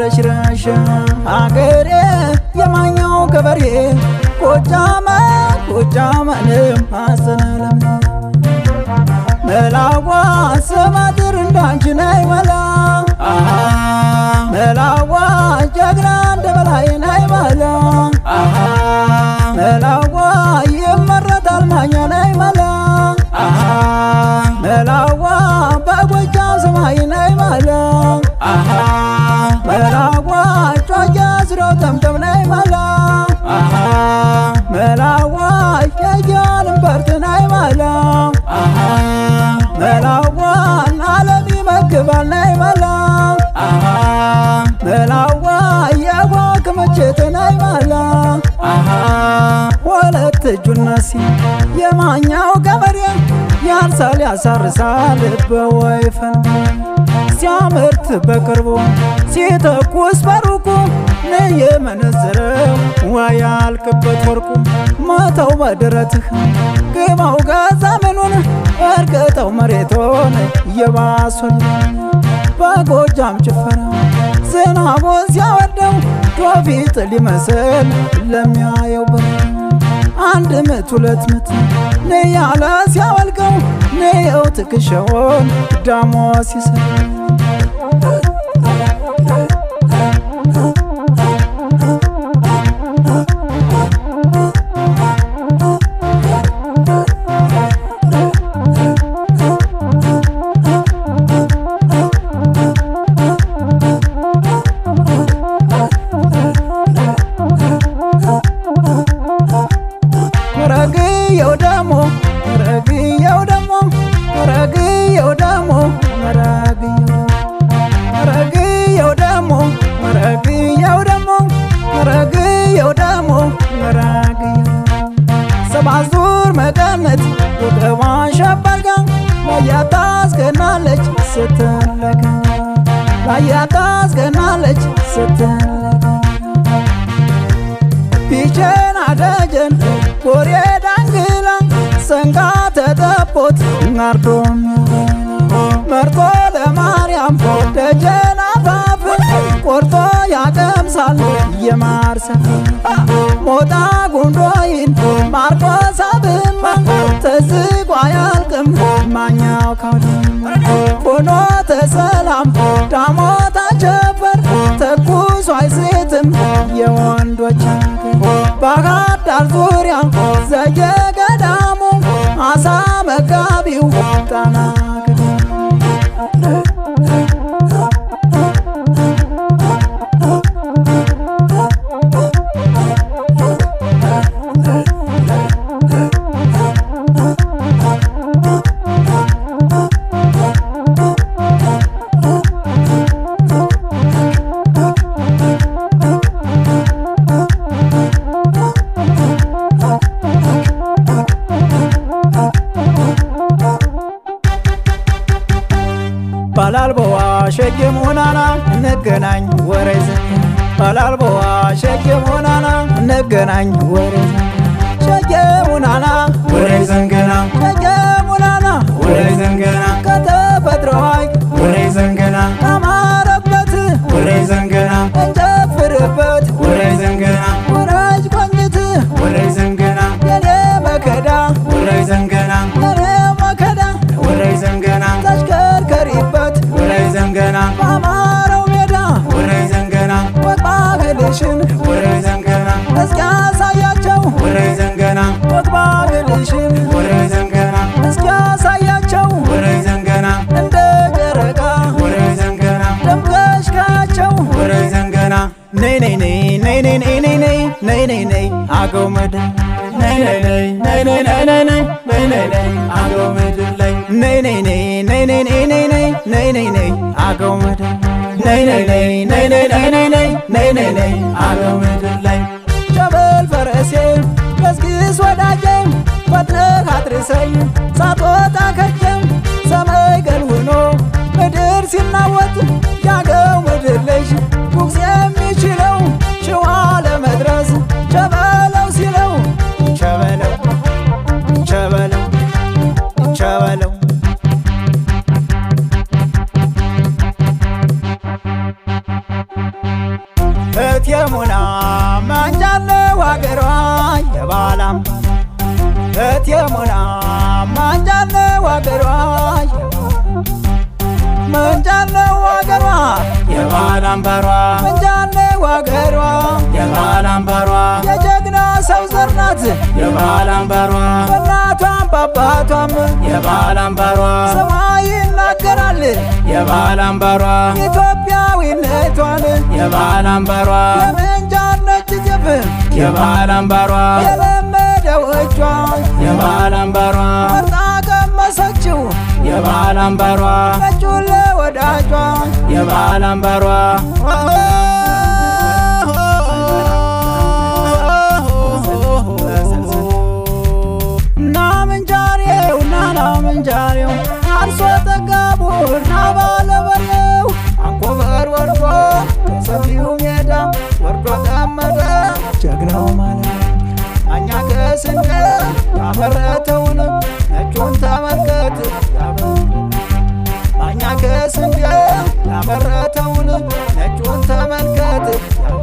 ነበረች አገሬ የማኛው ገበሬ ጎጃመ ጎጃመንም አሰናለም መላዋ ስመጥር እንዳንችነይ መላ ሸብነይ ማላ መላዋ የያንም በርትናይ ማላ መላዋን አለም ይመግባል ናይ ማላ መላዋ የዋክ መቼትናይ ማላ ሁለት እጁነሲ የማኛው ገበሬ ያርሳል ያሳርሳል በወይፈን ሲያመርት በቅርቡ ሲተኩስ በሩቁ አይኔ የመነዝረው ዋያ አልክበት ወርቁ ማታው በደረትህ ግባው ጋዛ ምኑን እርገጠው መሬቶን የባሱን በጎጃም ጭፈራ ዝናቦ ሲያወርደው ዶፊት ሊመስል ለሚያየው በር አንድ ምት ሁለት ምት ንያለ ሲያወልቀው ንየው ትከሻውን ዳሞ ሲሰ ረግየው ደሞ ረግየው ደሞ ረግየው ደሞ ረግየው ደሞ ረግየው ደሞ ረግየው ደሞ ረግየው ሰባት ዙር መቀነት ወገቧን ሸበርጋ ላያ ታስገናለች ስትለካ ላያ ታስገናለች አደጀን ጎሬ በሸንጋ ተጠቦት ናርዶን መርጦ ለማርያም ደጀና ፋፍ ቆርጦ ያቀምሳል የማርሰፍ ሞጣ ጉንዶይን ማርቆሳብማ ተዝቋ ያልቅም ማኛው ካድ ፍኖተ ሰላም ዳሞታ ጀፈር ተኩሷ አይሴትም የወንዶች ባህር ዳር ዙሪያ ዘየገ Oh, ባላልቦዋ ሸጌ መሆናና እንገናኝ ወሬዝ ባላልቦዋ ሸጌ መሆናና እንገናኝ ወሬዝ ሸጌ መሆናና ነይ ነይ ነይ ነይ ነይ ነይ ነይ ነይ ነይ ነይ አገው ምድር ነይ ነይ ነይ ነይ አገው ምድር ላይ ነይ ነይ ነይ ነይ ነይ ነይ ነይ ነይ ነይ ነይ ነይ አገው ምድር ነይ ነይ ነይ ነይ ነይ ነይ ነይ ነይ ነይ ነይ ነይ አገው ምድር ላይ ጀበል ፈረሴ ገስግስ ወዳጄም ፈጥነህ አድርሰኝ ሳትወጣ ከጀም ሰማይ ገል ሆኖ ምድር ሲናወጥ ያገው ሰሙና ማንጃለው ሀገሯ የባላም እቴሙና ማንጃለው ሀገሯ መንጃለው ሀገሯ የባል አምባሯ መንጃለው ሀገሯ የባል የጀግና ሰው ዘርናት የባል አምባሯ በእናቷም በአባቷም የባል ሰማይ የባህል አምባሯ ኢትዮጵያዊነቷን የባህል አምባሯ የምንጃር ነች ዘፍን የባህል አምባሯ የለመደው እጇ የባህል አምባሯ መርጣ ቀመሰችው የባህል አምባሯ መቹን ለወዳጇ የባህል አምባሯ ወርዶ ጠመደ ጀግናው ማለት እኛ ከስንዴ ያመረተውን ነጩን ተመልከት እኛ ከስንዴ ያመረተውን ነጩን ተመልከት